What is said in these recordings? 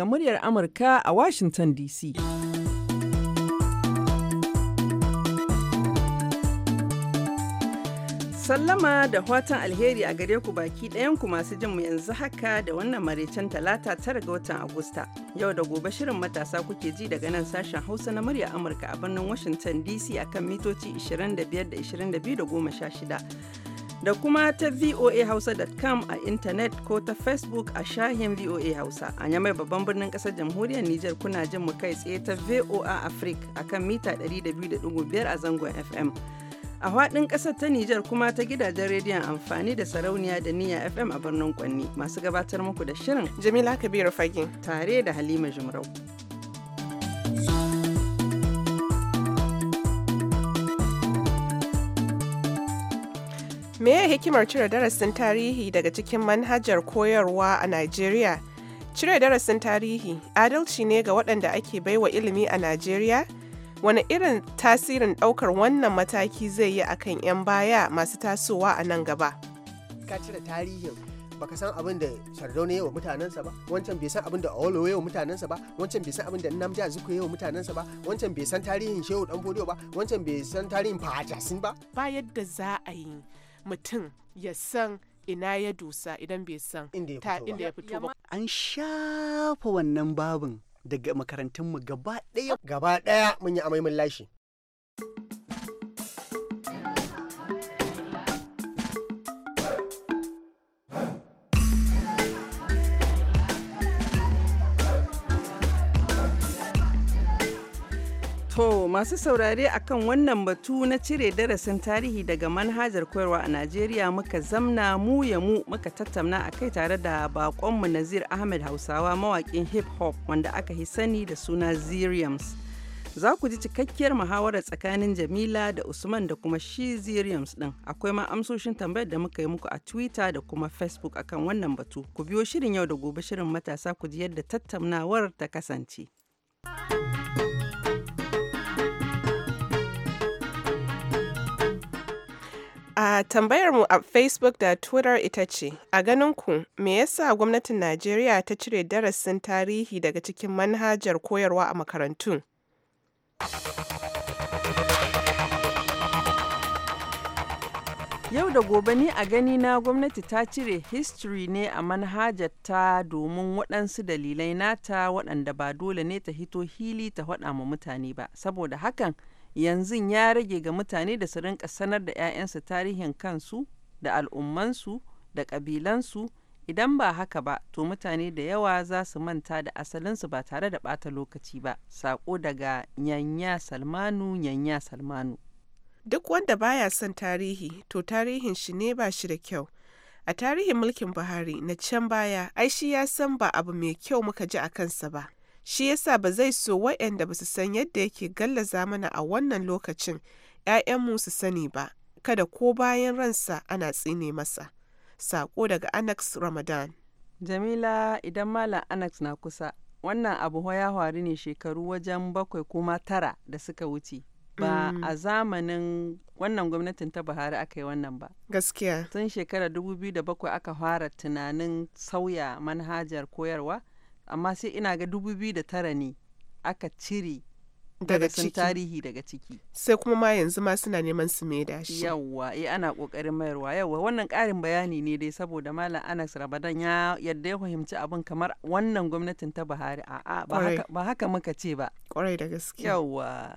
daga muryar Amurka a Washington DC. Sallama da watan alheri a gare ku baki ɗayanku masu jin mu yanzu haka da wannan maraicen talata tara ga watan Agusta. Yau da gobe shirin matasa kuke ji daga nan sashen Hausa na murya Amurka a birnin Washington DC akan mitoci 25 da 22 da da kuma ta voahausa.com a intanet ko ta facebook a shahin voa hausa a yamai babban birnin kasar jamhuriyar niger kuna jin mu kai tsaye ta voa africa kan mita 200.5 a zangon fm a faɗin ƙasar ta Nijar kuma ta gidajen rediyon amfani da sarauniya da niyya FM a birnin Kwanni masu gabatar muku da shirin Jamila Kabiru Fagin tare da Halima Jumrau. Me ya hikimar cire darasin tarihi daga cikin manhajar koyarwa a Najeriya? Cire darasin tarihi adalci ne ga waɗanda ake baiwa ilimi a Najeriya? Wani irin tasirin ɗaukar wannan mataki zai yi akan 'yan baya masu tasowa a nan gaba? Ka cire tarihin baka san abin da Sardauna ya wa mutanensa ba wancan bai san abin da Awolo yawa wa mutanensa ba wancan bai san abin da Nnamdi Azikiwe ya wa mutanensa ba wancan bai san tarihin Shehu Danfodiyo ba wancan bai san tarihin Fahajasin ba ba yadda za a yi mutum ya san ina ya dusa idan bai san ta inda ya fito ba an shafa wannan babin daga makarantunmu gaba ɗaya gaba ɗaya mun yi amai mun lashe To masu saurare akan wannan batu na cire darasin tarihi daga manhajar koyarwa a Najeriya muka zamna mu ya mu muka tattauna a kai tare da baƙonmu Nazir Ahmed Hausawa mawakin hip hop wanda aka yi sani da suna Ziriams. Za ku ji cikakkiyar muhawarar tsakanin Jamila da Usman da kuma shi Ziriams din. Akwai ma amsoshin tambayar da muka yi muku a Twitter da kuma Facebook akan wannan batu. Ku biyo shirin yau da gobe shirin matasa ku ji yadda tattaunawar ta kasance. A tambayar mu a Facebook da Twitter ita ce, a ganin ku me yasa gwamnatin Najeriya ta cire darasin tarihi daga cikin manhajar koyarwa a makarantu? Yau da gobe ni a gani na gwamnati ta cire history ne a manhajar ta domin waɗansu dalilai nata waɗanda ba dole ne ta hito hili ta faɗa ma mutane ba, saboda hakan. yanzu ya rage ga mutane da su rinka sanar da 'ya'yansu tarihin kansu da al'ummansu da ƙabilansu idan ba haka ba to mutane da yawa za su manta da asalinsu ba tare da ɓata lokaci ba sako daga yanya salmanu yanya salmanu duk wanda baya son tarihi to tarihin shi ne ba shi da kyau a tarihin mulkin buhari na can baya ai shi ya san ba abu mai kyau muka ji a kansa ba Shi yasa ba zai so wa'yanda ba su san yadda yake gallaza mana a wannan lokacin ‘ya'yanmu su sani ba, kada ko bayan ransa ana tsine masa. Sako daga Anax Ramadan. Jamila idan Malam Anax na kusa, wannan abu ya faru ne shekaru wajen bakwai kuma tara da suka wuce. Ba mm. a zamanin wannan gwamnatin ta Buhari aka yi wannan ba. Gaskiya. Tun shekarar 2007 aka fara tunanin sauya manhajar koyarwa. amma sai ina ga da tara ne aka cire daga tarihi daga ciki sai kuma ma yanzu ma suna neman su mai da shi yawwa eh ana kokarin mayarwa yawwa wannan karin bayani ne dai saboda malam Anas Rabadan ya yadda ya fahimci abin kamar wannan gwamnatin ta Buhari a ba haka ba haka muka ce ba kwarai da gaske yawwa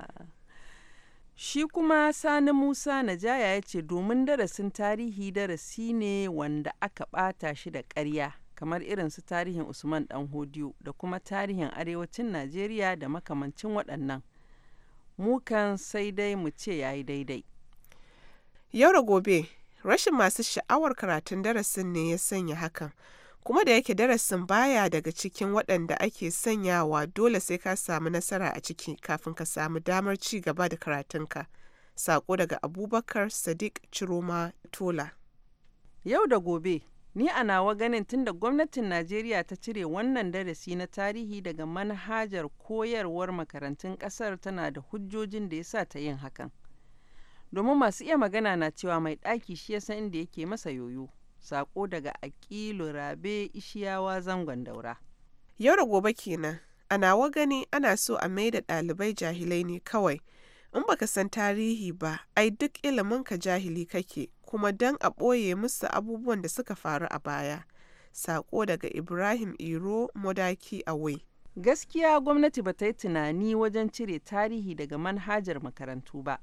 Shi kuma Sani Musa Najaya ya ce domin darasin tarihi darasi ne wanda aka bata shi da karya. kamar irin su tarihin Usman Dan Hodiyo da kuma tarihin arewacin Najeriya da makamancin waɗannan. Mukan sai dai mu ce yayi daidai. Yau da gobe, rashin masu sha'awar karatun darasin ne ya sanya hakan. Kuma da yake darasin baya daga cikin waɗanda ake sanyawa dole sai ka samu nasara a ciki kafin ka samu damar ci gaba da karatunka. Sako daga Abubakar Sadiq Ciroma Tola. Yau da gobe, Ni a nawa ganin tunda gwamnatin Najeriya ta cire wannan darasi na tarihi daga manhajar koyarwar makarantun ƙasar tana da hujjojin da ya sa ta yin hakan. Domin masu iya magana na cewa mai ɗaki shi ya san inda yake masa yoyo. Sako daga Aƙilu Rabe Ishiyawa zangon daura. Yau da gobe kenan, a nawa gani ana so a maida ɗalibai jahilai ne kawai. in baka san tarihi ba ai duk ilimin ka jahili kake kuma don a ɓoye musu abubuwan da suka faru a baya sako daga ibrahim iro modaki away gaskiya gwamnati ba ta yi tunani wajen cire tarihi daga manhajar makarantu ba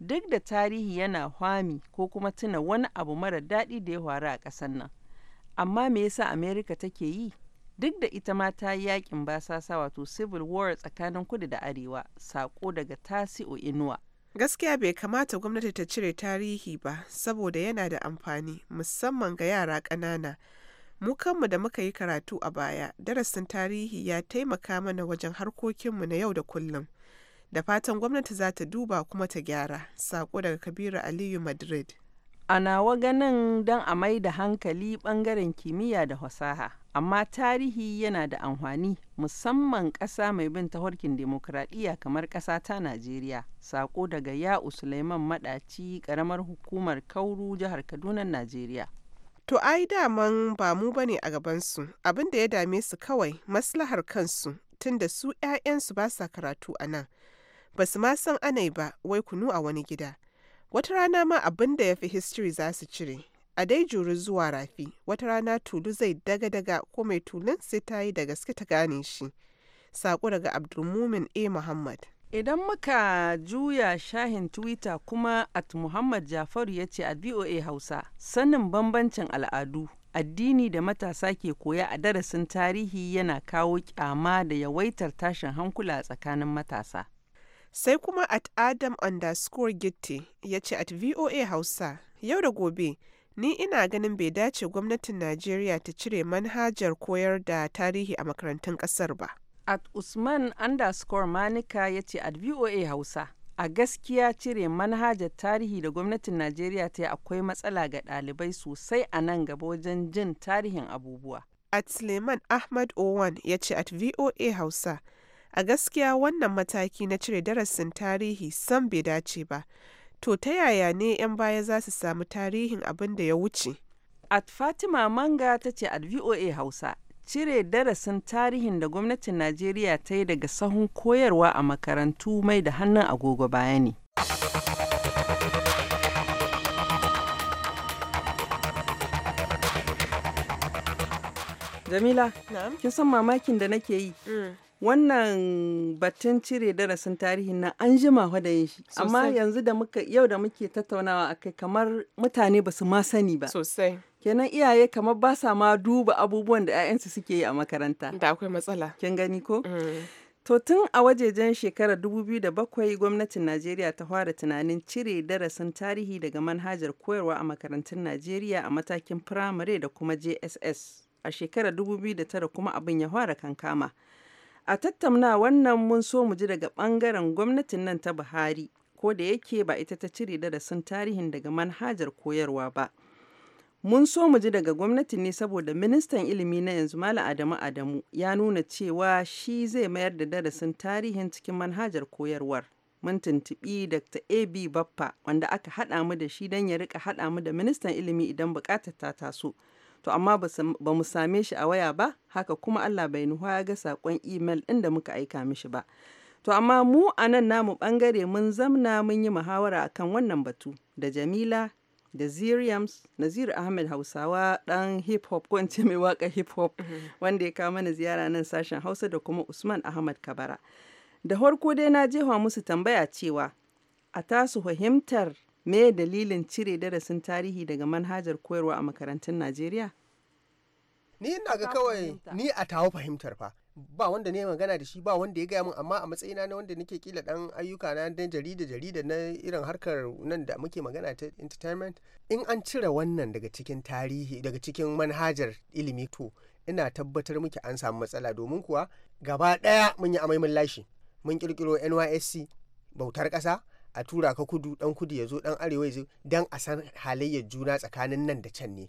duk da tarihi yana hwami ko kuma tuna wani abu mara daɗi da ya faru a ƙasar nan amma me yasa amerika take yi duk da ita ma ta yi yakin basasa wato civil war tsakanin kudu da arewa sako daga tasi'o inuwa gaskiya bai kamata gwamnati ta cire tarihi ba saboda yana da amfani musamman ga yara ƙanana mu kanmu da muka yi karatu a baya darasin tarihi ya taimaka mana wajen harkokinmu na yau da kullum da fatan gwamnati za ta duba kuma ta gyara sako daga kabiru aliyu madrid a nawa ganin don a mai da hankali bangaren kimiyya da fasaha Amma tarihi yana da amfani, musamman ƙasa mai bin tahorkin dimokuraɗiyya kamar ƙasa ta Najeriya, saƙo daga Ya'u Sulaiman Maɗaci, ƙaramar hukumar Kauru, jihar Kaduna, Najeriya. To ai daman ba mu bane a gabansu, abin da ya dame su kawai maslahar kansu tunda su 'ya'yansu ba sa karatu a nan. Ba su ma san anai ba, wai kunu a wani gida. Wata rana ma abin da ya fi history za su cire. a dai juri zuwa rafi wata rana tulu zai daga-daga ko mai tulun sai ta yi da gaske ta gane shi saƙo daga abdulmumin a muhammad idan muka juya shahin twitter kuma at muhammad jafaru ya ce a voa hausa sanin bambancin al'adu addini da matasa ke koya a darasin tarihi yana kawo kyama da yawaitar tashin hankula tsakanin matasa sai kuma at adam underscore gitti ya ce at voa hausa yau da gobe Ni ina ganin bai dace gwamnatin Najeriya ta cire manhajar koyar da tarihi a makarantun ƙasar ba. At Usman underscore Manika ya ce at VOA Hausa, a gaskiya cire manhajar tarihi da gwamnatin Najeriya ta yi akwai matsala ga ɗalibai sosai a nan gaba wajen jin tarihin abubuwa. At Suleiman Ahmad Owan ya ce at VOA Hausa, a gaskiya wannan mataki na cire darasin tarihi sam bai dace ba. to ta yaya ne 'yan baya za su samu tarihin abin da ya wuce? At Fatima Manga ta ce at VOA Hausa, cire darasin tarihin da gwamnatin Najeriya ta yi daga sahun koyarwa a makarantu mai da hannun agogo baya ne. Jamila, kin san mamakin da nake yi. Mm. wannan batun cire darasin tarihi na an ji jima da yin shi amma yanzu da muka yau da muke tattaunawa akai kamar mutane ba su ma sani ba sosai kenan iyaye kamar ba sa ma duba abubuwan da 'ya'yansu suke yi a makaranta da akwai matsala kin gani ko mm. To tun a wajejen shekarar 2007 gwamnatin Najeriya ta fara tunanin cire darasin tarihi daga manhajar koyarwa a makarantun Najeriya a matakin firamare da kuma JSS. A shekarar 2009 kuma abin ya fara kankama. A tattauna, wannan mun so mu ji daga ɓangaren gwamnatin nan ta Buhari, ko da yake ba ita ta cire darasin tarihin daga manhajar koyarwa ba. Mun so mu ji daga gwamnati ne saboda ministan ilimi na yanzu Malam Adamu Adamu ya nuna cewa shi zai mayar da darasin tarihin cikin manhajar koyarwar. Mun tuntuɓi Dr. A.B. Bappa, wanda aka haɗa mu da shi don ya rika haɗa mu da ministan ilimi idan buƙatar ta taso. to amma ba mu same shi a waya ba haka kuma Allah bai nuha ya ga saƙon imel ɗin da muka aika mishi ba to amma mu a nan namu ɓangare mun zamna mun yi muhawara akan wannan batu da Jamila da Ziriams Nazir Ahmed Hausawa ɗan hip hop ko ce mai waka hip hop mm-hmm. wanda ya kawo mana ziyara nan sashen Hausa da kuma Usman Ahmad Kabara da farko dai na jefa musu tambaya cewa a tasu fahimtar Me dalilin cire darasin tarihi daga manhajar koyarwa a makarantun Najeriya? Ni ina ga kawai ni a tawo fahimtar fa. ba wanda ne magana da shi ba wanda ya gaya min amma a matsayina na wanda nake kila dan ayyuka na dan jarida jarida na irin harkar nan da muke magana ta entertainment in an cire wannan daga cikin tarihi daga cikin manhajar ilimi to ina tabbatar muke an samu matsala domin kuwa gaba daya mun yi amai mun lashi mun kirkiro NYSC bautar ƙasa. a tura ka kudu dan kudu ya zo dan arewa ya zo dan a san halayyar juna tsakanin nan da can ne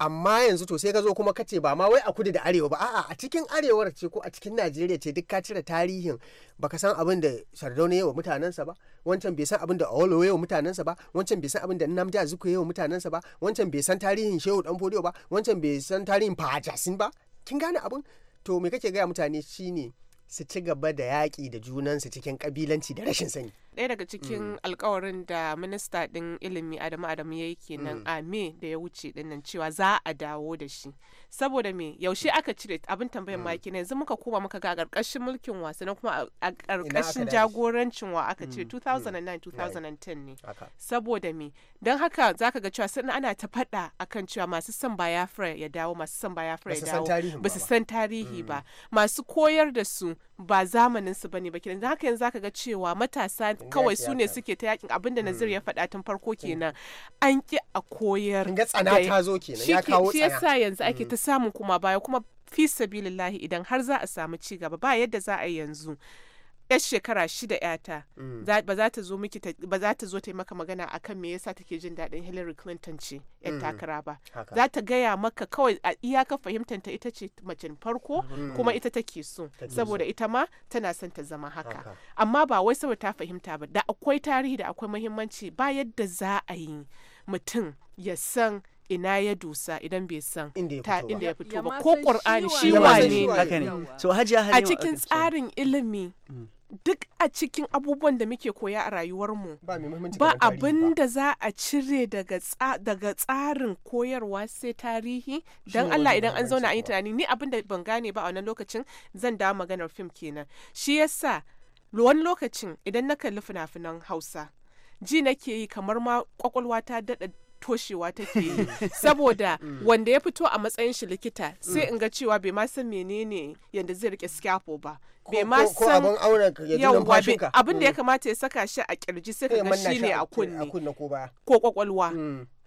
amma yanzu to sai ka zo kuma ka ce ba ma wai a kudu da arewa ba a'a a cikin arewar ce ko a cikin najeriya ce duk ka cire tarihin baka san abin da sardauna yawa mutanensa ba wancan bai san abin da awolowo yawa mutanensa ba wancan bai san abin da namdi yi yawa mutanensa ba wancan bai san tarihin shehu dan fodiyo ba wancan bai san tarihin fajasin ba kin gane abin to me kake gaya mutane shine su ci gaba da yaƙi da junansu cikin ƙabilanci da rashin sani ɗaya daga cikin mm. alkawarin da minista ɗin ilimi adamu adamu ya yi kenan mm. a me da ya wuce dinnan cewa za a dawo da shi saboda me yaushe aka cire abin tambayar maki mm. ne yanzu muka koma muka ga ƙarƙashin mulkin wasu na kuma a ƙarƙashin jagorancin wa aka cire 2009 2010 ne saboda me don haka za ka ga cewa sannan ana ta faɗa akan cewa masu son bayafra ya dawo masu son bayafra ya dawo ba su san tarihi ba masu koyar da su ba zamanin su ne ba kenan haka yanzu za ka ga cewa matasa kawai su ne suke ta yakin abinda hmm. Nazir ya faɗa tun farko hmm. kenan an ki a koyar ga tsana ta zo kenan ya kawo shi yasa yanzu ake hmm. ta samun kuma baya kuma fi sabilillahi idan har za a samu ci gaba ba yadda za a yanzu yar shekara shida yata mm. ba za ta zo ta yi maka magana akan me yasa take jin daɗin Hillary Clinton ce yan mm. takara ba za ta gaya maka kawai a iyaka fahimtar ta ita ce macen farko mm. kuma ita take so saboda ita ma tana son ta zama haka amma ba wai saboda ta fahimta ba da akwai tarihi da akwai muhimmanci ba yadda za a yi mutum ya san ina ya dusa idan bai san inda ya fito ba ko ƙur'ani shi wane ne a cikin tsarin ilimi duk a cikin abubuwan da muke koya a rayuwarmu ba abin da za a cire daga tsarin koyarwa sai tarihi don Allah idan an zauna an yi tunani ni abin da ban gane ba a wannan lokacin zan dawo maganar fim kenan shi yasa wani lokacin idan na kalli fina-finan hausa ji nake yi kamar ma kwakwalwa ta daɗa toshewa take yi mm. saboda mm. wanda ya fito a matsayin shi likita mm. sai in ga cewa bai ma san menene yadda zai rike scalpel ba bai ma san yawwa abin da ya kamata ya saka shi a kirji sai ka ga shine a kunne ko kwakwalwa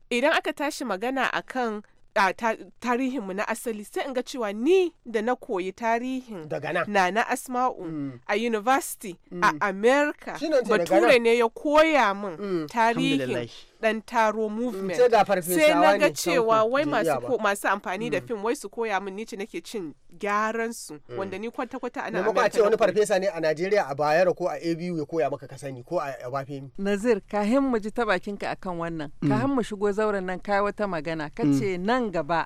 idan aka tashi magana akan a kan tarihinmu na asali sai in ga cewa ni da na koyi tarihin na na asma'u a university a america bature ne ya koya min tarihin dan taro movement sai na ga cewa wai masu amfani da mm. fim wai su koya min nice nake cin gyaran su mm. wanda ni kwata kwata ana Amurka ce wani farfesa ne a Najeriya a Bayero ko a ABU ya koya maka ka sani ko a Abafemi Nazir ka mu ji ta bakinka akan wannan mm. ka mu shigo zauren nan kai wata magana kace nan gaba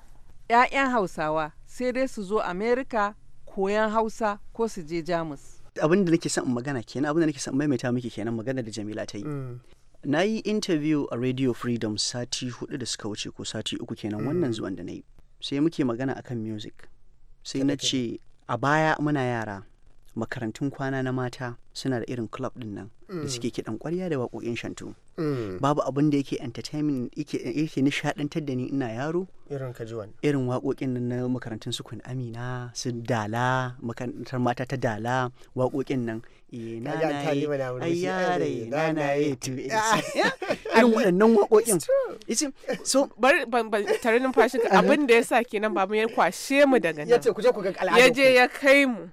ƴaƴan Hausawa sai dai su zo Amerika koyan Hausa ko su je Jamus abin da nake son magana kenan abin da nake son maimaita miki kenan magana da Jamila ta yi na yi interview a radio freedom sati hudu da suka wuce ko sati uku kenan mm. wannan zuwan da na yi sai muke magana akan music sai na ce a baya muna yara makarantun kwana na mata suna da irin club din nan da suke kiɗan kwarya da waƙoƙin shantu mm. babu abin da yake entertainment yake nishadantar da ni ina yaro irin kajiwan irin waƙoƙin nan na makarantun su kun amina su dala makarantar mata ta dala waƙoƙin nan nanaye eh, na nanaye eh, tu ah. irin waɗannan waƙoƙin so bari tare numfashin uh-huh. abin da ya sa kenan babu ya kwashe mu daga nan ya ce ku je ku ga ya je ya kai mu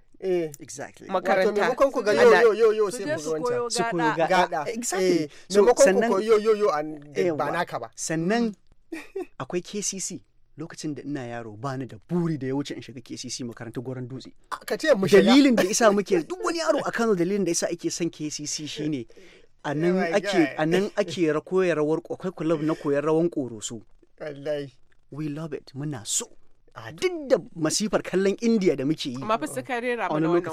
sannan akwai KCC lokacin da ina yaro ba ni da buri da ya wuce in shiga KCC makarantar goron dutse. Ka ce mu Dalilin da isa muke duk wani yaro a Kano dalilin da isa ake son KCC shine a nan oh ake a nan club na koyar rawan koroso. Wallahi. We love it muna so. a duk da masifar kallon indiya da muke yi amma fa suka rera a wannan waka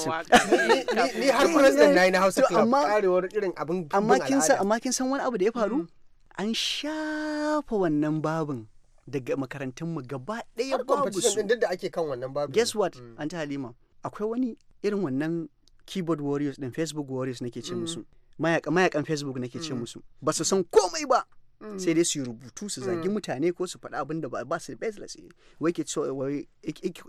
ni har president nayi na Hausa Club karewar irin abin amma kin san amma kin san wani abu da ya faru mm-hmm. an shafa wannan babin daga makarantun mu gaba ɗaya babu su din da ake kan wannan babin guess what mm. anti Halima akwai wani irin wannan keyboard warriors din Facebook warriors nake ce mm. musu mayakan Facebook nake ce mm. musu ba su san komai ba sai mm. dai su rubutu su zagi mm. mutane ko su faɗa abin da ba su da baseless wai ke so wai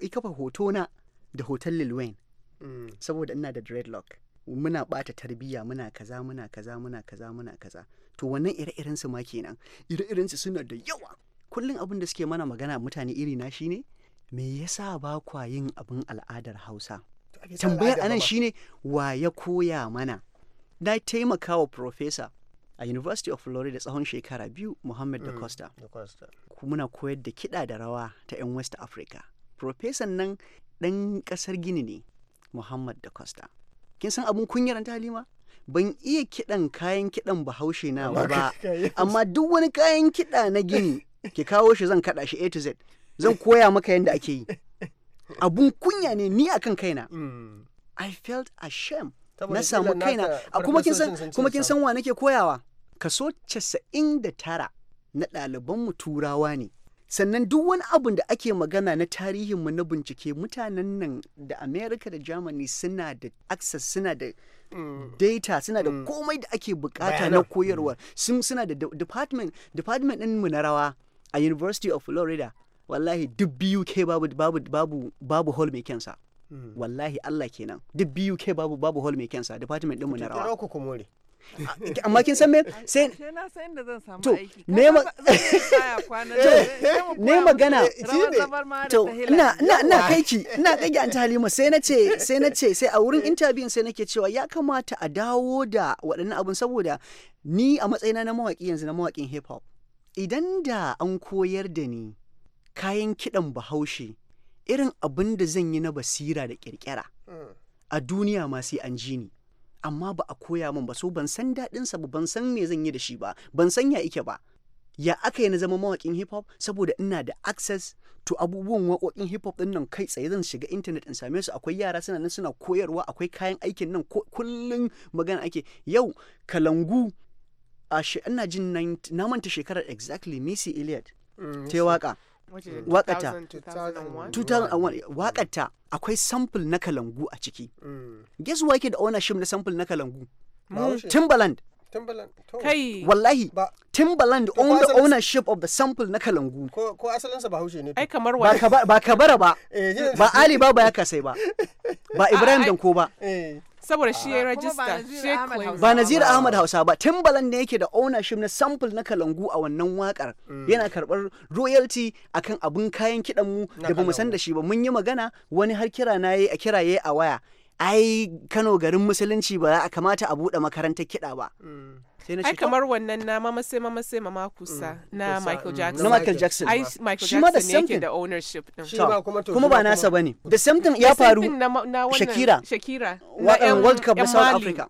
kafa hoto na da hotel Lil Wayne mm. saboda ina da dreadlock muna bata tarbiyya muna kaza muna kaza muna kaza muna kaza to wannan ire-iren su ma kenan ire-iren su suna da yawa kullum abin da suke mana magana mutane iri na shine me yasa ba kwa yin abin al'adar Hausa tambayar anan shine wa ya koya mana na taimakawa professor a university of florida tsawon shekara biyu muhammad da mm, costa muna koyar da kiɗa da rawa ta 'yan west africa profesan nan ɗan ƙasar gini ne muhammad da costa kin san abun kunyar halima ban iya kiɗan kayan kiɗan bahaushe na ba amma duk wani kayan kiɗa na gini ki kawo shi zan kaɗa shi a to z zan koya maka yadda ake yi abun kunya ne ni akan kaina mm. i felt ashamed na samu kaina a kuma kin san kuma kin san wa nake koyawa kaso 99 na ɗalibanmu turawa ne sannan duk wani abun da ake magana na tarihinmu na bincike mutanen nan da america da germany suna da access suna da data suna da komai da ake bukata na koyarwa sun suna da department department mu na rawa a university of florida wallahi duk biyu ke babu babu babu babu hall mai kensa hmm. wallahi allah kenan duk biyu ke babu babu hall mai kensa department mu na rawa amma kin san me sai na san da zan samu aiki ne ma magana to ina ina ina kai ki ina kai an ta Halima sai na ce sai na sai a wurin eh. interview sai nake cewa ya kamata a dawo da waɗannan abun saboda ni a matsayina na mawaki yanzu na mawakin hip hop idan da an koyar da ni kayan kiɗan bahaushe irin abin da zan yi na basira da ƙirƙira hmm. a duniya ma sai an ji ni amma ba a koya min ba so ban san daɗinsa ba ban san me zan yi da shi ba ban san ya ike ba ya aka yi na zama mawaƙin hip hop saboda ina da access to abubuwan waƙoƙin hip hop ɗin nan kai tsaye zan shiga internet in same su akwai yara suna nan suna koyarwa akwai kayan aikin nan kullum magana ake yau kalangu a ina jin na manta shekarar exactly Missy Elliott mm, ta waka wakata 2001 wakata akwai sample na kalangu a ciki mm. guess who yake da ownership na sample na kalangu timbaland Kai. Wallahi. Timbaland own the ownership of the sample na kalangu. Ko, ko asalinsa ba haushe ne. Ai kamar wa. Ba kabara ba. ba eh, Ali Baba ya kasai ba. Ba Ibrahim Danko ba. Eh. saboda shi ya rajista ba nazir ahmad hausa ba timbalan ne yake da ownership na sample na kalangu a wannan wakar mm. yana karbar royalty akan abun kayan kidan mu da bamu san da shi ba mun yi magana wani har kira na a kiraye a waya ai kano garin musulunci ba a kamata a bude makarantar kida ba mm. ai kamar wannan na mama sai mama sai mama kusa mm. na Michael mm. Jackson na Michael Jackson ai Michael Jackson ne yake da ownership shi kuma to kuma ba nasa bane the same thing ya faru Shakira Shakira na uh, World Cup na South Africa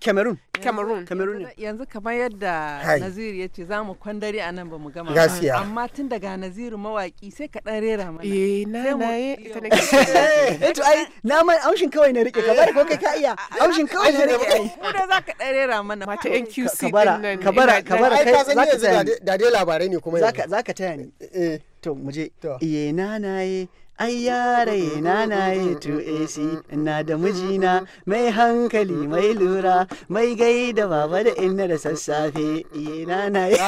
Cameroon Cameroon Cameroon yanzu kamar yadda Nazir ya ce zamu kwandare a nan ba mu gama amma tun daga naziru mawaki sai ka dan rera mana eh na na eh, ita eh to ai na mai aushin kawai na rike ka bari ko kai ka iya aushin kawai na rike ai da da zaka dan rera mana mata yan QC din nan kabara kabara kai za ka da dai labarai ne kuma za ka taya ni eh. to mu je iye na naye ai yare na na yi to AC ina da mijina mai hankali mai lura mai gai da baba da inna da sassafe iye na na yi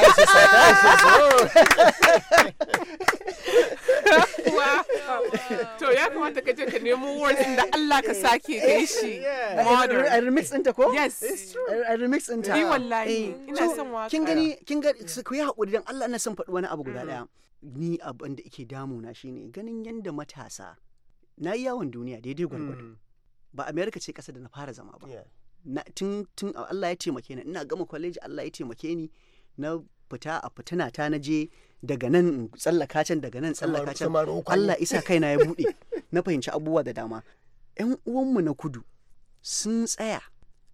to ya kamata ka je ka nemo words da Allah ka sake kai shi modern a remix ta, ko yes a remix ta. ni wallahi eh. ina son waka kin gani kin gani ku yi haƙuri dan Allah ina son faɗi wani abu guda daya mm. ni abin da ike damuna shine ganin yadda matasa na yi yawon duniya daidai gwargwado hmm. ba amerika ce kasa da na fara zama ba na tun tun Allah ya taimake ni ina gama college Allah ya taimake ni na fita a fitina ta na je daga nan tsallaka can daga nan tsallaka can Allah isa kaina ya bude na fahimci abubuwa da dama yan uwanmu na kudu sun tsaya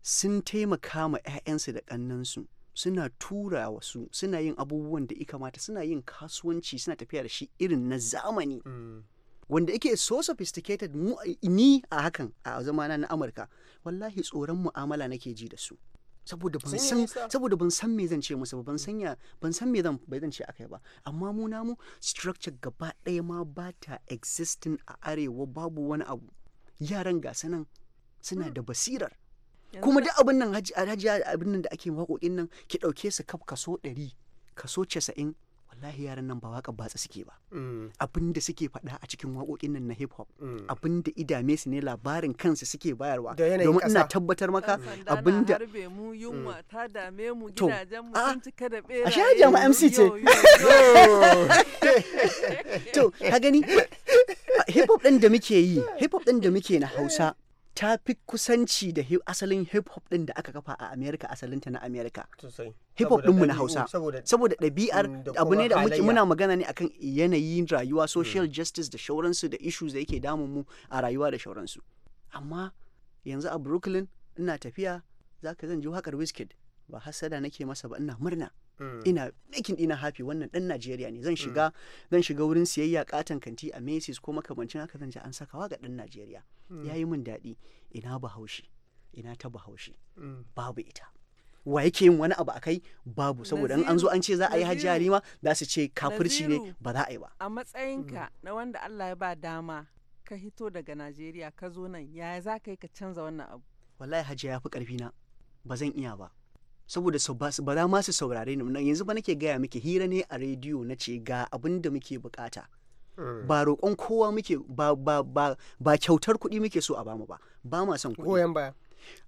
sun taimaka ma ya'yansu da ƙannansu suna tura wasu suna yin abubuwan da ika mata suna yin kasuwanci suna tafiya da shi irin na zamani mm. wanda yake so sophisticated mu ni a hakan a zamana na amurka wallahi tsoron mu'amala nake ji da su saboda ban san saboda me zan ce musu ban san ya ban san me zan bai zan ce akai ba amma mu namu structure gaba ɗaya ma ba ta existing a arewa babu wani abu yaran ga sanan suna mm. da basirar kuma duk abin nan hajiya abin nan da ake waƙoƙin nan ki ɗauke su kaf kaso ɗari kaso casa'in wallahi yaran nan ba waƙa batsa suke ba mm. abin da suke faɗa a cikin waƙoƙin nan na hip hop mm. abin da idame su ne labarin kansu suke bayarwa domin ina tabbatar maka mm. abin da mu yunwa ta dame mu mu sun cika da a ma MC ce to ka gani hip hop din da muke yi hip hop din da muke na Hausa ta fi kusanci da asalin hip hop din da aka kafa a America asalinta na America hip hop dinmu na Hausa saboda ɗabi'ar abu ne da muke muna magana ne akan yanayin rayuwa hmm. social justice da shauransu da issues da yake damun mu a rayuwa da shauransu amma yanzu a Brooklyn ina tafiya zaka zan ji wakar Wizkid ba hasada nake masa ba ina murna Mm. ina making ɗina happy wannan dan Najeriya ne zan mm. shiga zan shiga wurin siyayya katan kanti a Macy's ko makamancin haka zan ji an sakawa ga dan Najeriya mm. yayi min daɗi ina bahaushe ina ta bahaushe babu ita wa yake yin wani abu akai babu saboda in an zo an ce za a yi hajji halima za su ce kafirci ne ba za a yi ba a matsayin ka na wanda Allah ya ba dama ka hito daga Najeriya ka zo nan yaya za ka yi ka canza wannan abu wallahi hajji ya fi karfi na ba zan iya ba saboda ba za ma su saurare ni yanzu ba nake gaya muke hira ne a rediyo na ce ga abin da muke bukata hmm. ba roƙon kowa muke ba kyautar kuɗi muke so a bamu ba ba ma son kuɗi goyon baya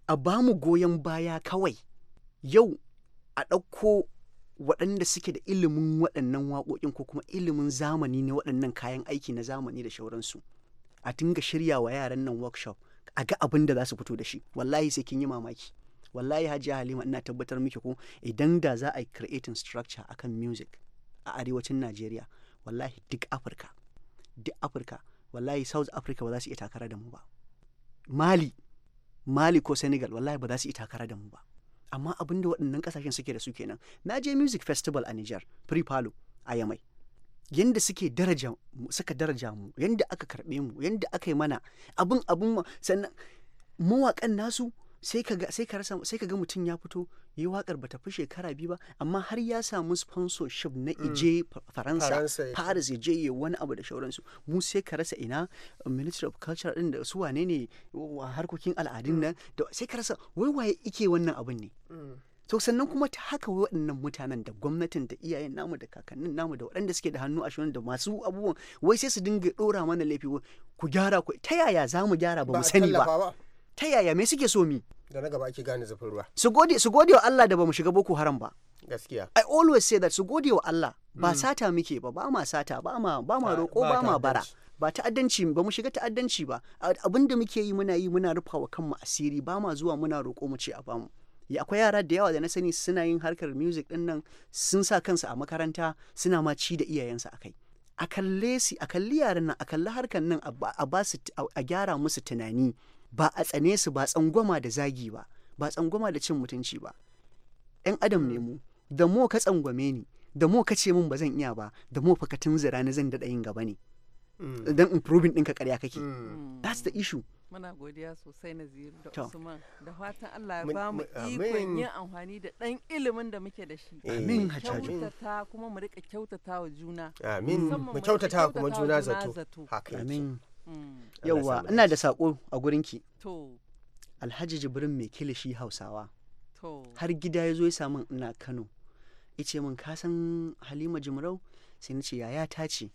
a bamu goyon baya kawai yau a ɗauko waɗanda suke da ilimin waɗannan waƙoƙin ko kuma ilimin zamani ne waɗannan kayan aiki na zamani da shauransu a dinga shirya wa yaran nan workshop a ga abin da za su fito da shi wallahi sai kin yi mamaki wallahi hajiya halima ina tabbatar miki ko idan da za a yi creating structure akan music a arewacin najeriya wallahi duk afirka duk afirka wallahi south africa ba za su iya takara da mu ba mali mali ko senegal wallahi ba za su iya takara da mu ba amma abin da waɗannan ƙasashen suke da su kenan na je music festival a niger free palo a yamai yanda suke daraja suka daraja mu yanda aka karɓe mu yanda aka yi mana abin abin sannan mawaƙan nasu sai ka ga mutum ya fito yi wakar ta fi shekara biyu ba amma har ya samu sponsorship na mm. ije faransa paris ije ya wani abu da shauransu mu sai ka rasa ina uh, ministry of culture din da su wane ne harkokin al'adun mm. nan da sai ka rasa wai waye ike wannan abin ne mm. to sannan kuma ta haka waɗannan mutanen da gwamnatin da iyayen namu da kakannin namu da waɗanda suke da hannu a shirin da masu abubuwan wai sai su dinga ɗora mana laifi ku gyara ku ta yaya za mu gyara ba mu sani ba ta yaya me suke so mi da na gaba ake gane zafin ruwa su gode su gode wa Allah da bamu shiga boko haram ba gaskiya i always say that su gode wa Allah ba mm. sata muke ba ba ma sata ba ma ba ma roko ba ma bara ba ta'addanci ba mu shiga ta'addanci ba abin da muke yi muna yi muna rufa wa kanmu asiri ba ma zuwa muna roko mu ce a bamu ya akwai yara da yawa da na sani suna yin harkar music din nan sun sa kansu a makaranta suna ma ci da iyayensu akai a kalle su a kalli yaran nan a kalli harkar nan a ba su a gyara musu tunani ba a tsane su ba tsangwama da zagi ba ba tsangwama da cin mutunci ba ɗan adam ne mu da mu ka tsangwame ni da mu ka ce min ba zan iya ba da mu fa ka tunzura na zan daɗa yin gaba ne mm. dan improving ɗinka ƙarya kake mm. that's the issue muna godiya sosai na da usman da fatan allah ya ba mu ikon yin amfani da ɗan ilimin da muke da shi eh, amin kyautata kuma mu rika kyautata wa juna amin mu kyautata kuma juna zato amin Mm. yauwa ina da saƙo a gurin gurinki alhaji jibrin mai kilishi hausawa har gida ya zo ya samun ina kano ya ce min ka san halima jimrau sai ni ce yaya ta ce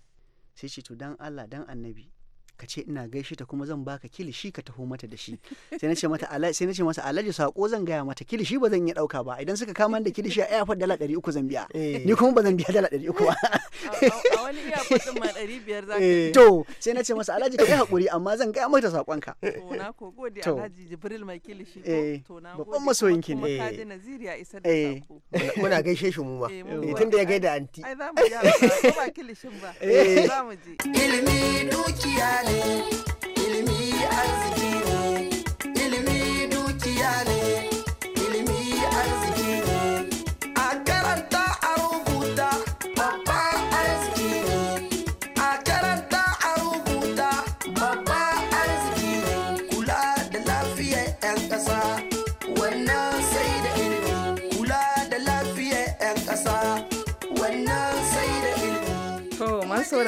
sai ce to dan allah dan annabi ka ce ina gaishe ta kuma zan baka kilishi ka taho mata da shi sai na ce mata sai na ce masa alaji sako zan gaya mata kilishi ba zan iya dauka ba idan suka kama da kilishi a airport dala 300 zan biya eh. ni kuma ba zan biya dala 300 ba a wani airport din ma 500 zaka eh. to sai na ce masa alaji ka hakuri amma zan gaya mata sakon ka to na ko gode alhaji jibril mai kilishi eh. to na gode babban masoyin ki ne ka ji naziri ya isar da sako muna gaishe shi mu ma tunda ya gaida anti ai za mu ji ba kilishin ba za mu ji ilimi dukiya yani ilmi erzik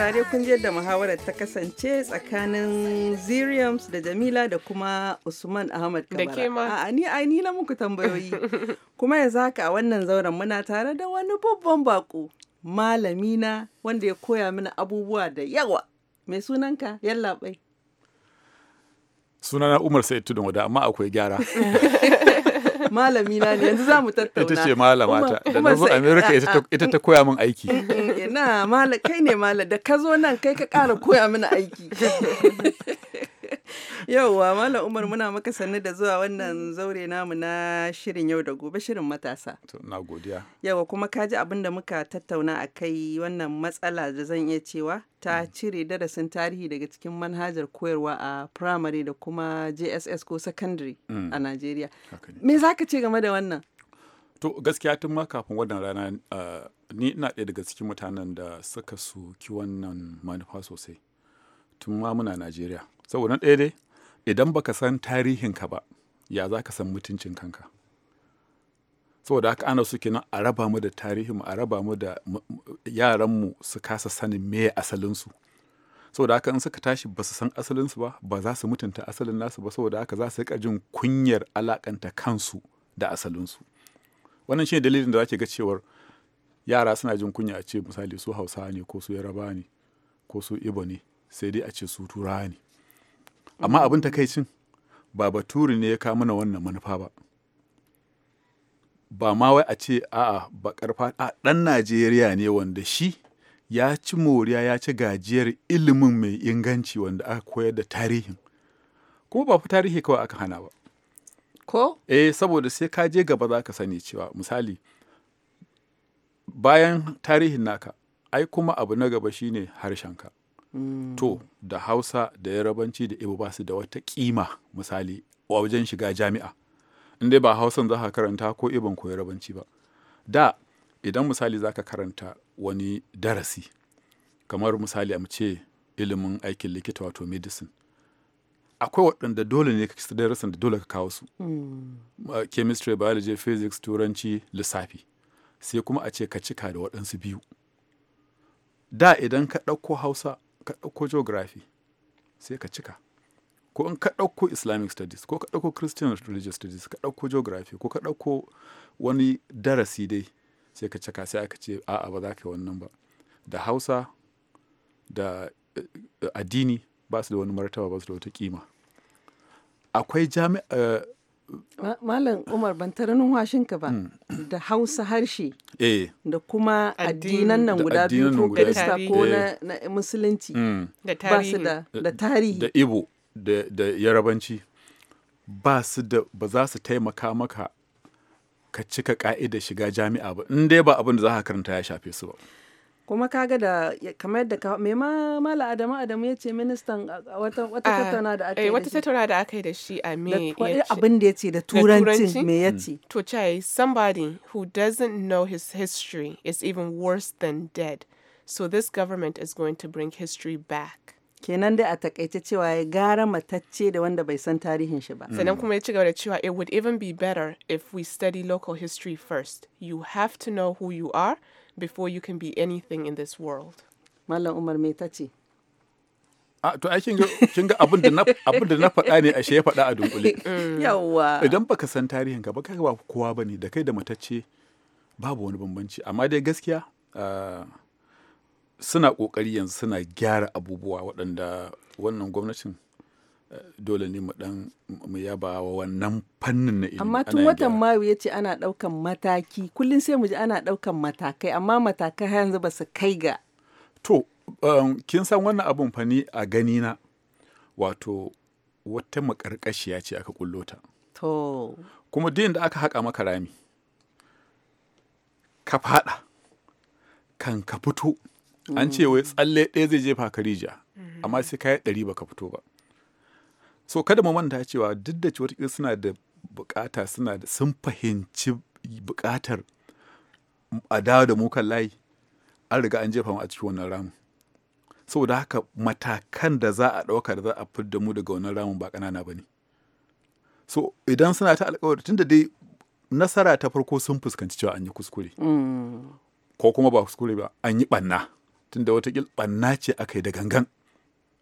saurare kun yadda muhawarar ta kasance tsakanin Ziriams da Jamila da kuma Usman Ahmad Kamara. A ni a ni na muku tambayoyi. kuma yanzu haka a wannan zauren muna tare da wani babban bako. malamina wanda ya koya mini abubuwa da yawa. Mai sunanka bai Sunana Umar sai Tudun Wada amma akwai gyara. malami na ne yanzu za mu tattauna ita ce malama ta da na zo america ita ta koya min aiki mm, mm, mm, na mala kai ne mala da ka zo nan kai ka ƙara koya mini aiki Yauwa Malam Umar mm. muna maka sannu da zuwa wannan mm. zaure namu na shirin yau da gobe shirin matasa. To na godiya. Yauwa kuma ka ji abin da muka tattauna a kai wannan matsala da zan iya cewa ta mm. cire darasin tarihi daga cikin manhajar koyarwa a primary da kuma JSS ko secondary a Najeriya. Me za ka ce game da wannan? To gaskiya tun ma kafin wannan rana ah, ni ina ɗaya daga cikin mutanen da suka soki wannan manufa sosai. tun ma muna najeriya saboda ɗaya dai idan baka san tarihin ka ba ya za ka san mutuncin kanka saboda haka ana suke nan, a raba mu da tarihinmu a raba mu da yaranmu su kasa sanin me asalinsu saboda haka in suka tashi ba su san asalinsu ba ba za su mutunta asalin nasu ba saboda haka za su riƙa jin kunyar alakanta kansu da asalinsu wannan shine dalilin da zake ga cewar yara suna jin kunya a ce misali su hausa ne ko su yaraba ne ko su ibo ne sai dai a ce su turawa ne amma abin takaicin ba baturi ne ya kawo mana wannan manufa ba ba ma wai a ce a'a bakar a ɗan najeriya ne wanda shi ya ci moriya ya ci gajiyar ilimin mai inganci wanda aka koyar da tarihin kuma ba fa tarihi kawai aka hana ba ko eh saboda sai ka je gaba za ka sani cewa misali bayan tarihin naka ai kuma abu na gaba shine harshen ka. Mm. to da hausa da yarabanci da ibo ba su da wata kima misali a wajen shiga jami'a in dai ba hausan za ka karanta ko ibon ko yarabanci ba da idan misali za ka karanta wani darasi kamar misali a ce ilimin aikin likita wato medicine akwai waɗanda dole ne ka darasin da dole ka kawo su mm. chemistry biology physics turanci lissafi sai kuma a ce ka cika da waɗansu biyu da idan ka ɗauko hausa ka ɗauko geography sai ka cika ko in ka ɗauko islamic studies ko ka ɗauko christian religious studies ka ɗauko geography ko ka ɗauko wani darasi dai sai ka cika sai aka ce a'a ba za ka yi wannan ba da hausa da eh, addini ba su da wani martaba ba su da wata kima akwai eh, Malam Umar ban tara numfashinka ba mm. da Hausa harshe eh. da kuma addinan nan guda biyu ko Kirista ko eh. na Musulunci mm. ba su da tarihi da Ibo da Yarabanci ba su da ba za su taimaka maka ka cika ka'idar shiga jami'a ba in dai ba abin da za ka karanta ya shafe su ba. kuma kaga da kamar yadda ka me ma mala adamu adamu yace ministan wata wata ah, tattauna da aka yi eh, wata tattauna da aka yi da shi a me yace eh, abin da ce da turanci me yace hmm. to chai somebody who doesn't know his history is even worse than dead so this government is going to bring history back kenan dai a takaice cewa ya gara matacce da wanda bai san tarihin shi ba. Sannan hmm. kuma ya ci gaba da cewa it would even be better if we study local history first. You have to know who you are before you can be anything in this world. Mallam Umar me ta ce? A ah, to ai ga abin da na abin da na faɗa ne ashe ya faɗa a dunkule. Yawwa. Idan baka san tarihin ka ba kai ba kowa bane da kai da matacce babu wani bambanci amma dai gaskiya ah, suna kokari yanzu suna gyara abubuwa waɗanda wannan gwamnatin dole ne mu dan mu yaba wa wannan fannin na ilimi amma tun watan mayu ya ce ana daukan mataki kullun sai mu ji ana daukan matakai amma matakai har yanzu ba su kai ga to um, kin san wannan abun fa a gani na wato wata makarkashiya ce aka kullota. to kuma din da aka haƙa maka rami ka faɗa kan ka fito an ce mm. wai tsalle ɗaya zai jefa ka rija mm. amma sai ka yi ɗari ba ka fito ba so kada mu manta cewa duk da cewa suna da bukata suna da sun fahimci bukatar a dawo da mu kan layi an riga an jefa mu a cikin wannan ramu saboda haka matakan da za a ɗauka da za a fidda mu daga wannan ramu ba ƙanana ba ne so idan suna ta alkawari tun da dai nasara ta farko sun fuskanci cewa an yi kuskure mm. ko kuma ba kuskure ba an yi ɓanna tun da wata ɓanna ce aka yi da gangan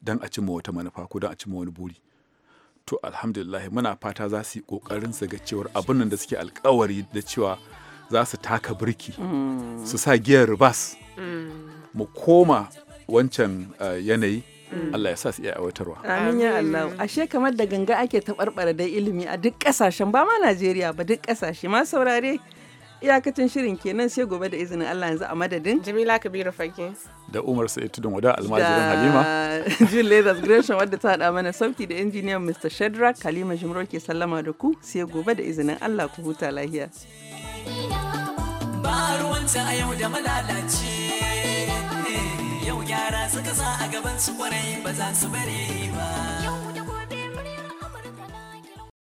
don a cimma wata manufa ko don a cimma wani buri to alhamdulillah muna fata za su yi kokarin su ga cewar abin da suke alkawari da cewa za su taka birki mm. su sa giyar ribas mm. mu koma wancan eh, yanayi mm. Allah ya sa su iya aiwatarwa. Amin ya Allah. Ashe kamar da ganga ake taɓarɓara da ilimi a duk ƙasashen ba ma Najeriya ba duk ƙasashe ma saurare. iyakacin shirin kenan sai gobe da izinin Allah yanzu a madadin Jamila Kabiru Fage da Umar sai Tudun Wada almajirin Halima June Leathers Gresham wadda ta hada mana sauti da injiniyan Mr. Shadrack Halima Jimro ke sallama da ku sai gobe da izinin Allah ku huta lahiya ba ruwanta a yau da malalaci eh, yau gyara suka sa a gaban su kwarai ba za su bare ba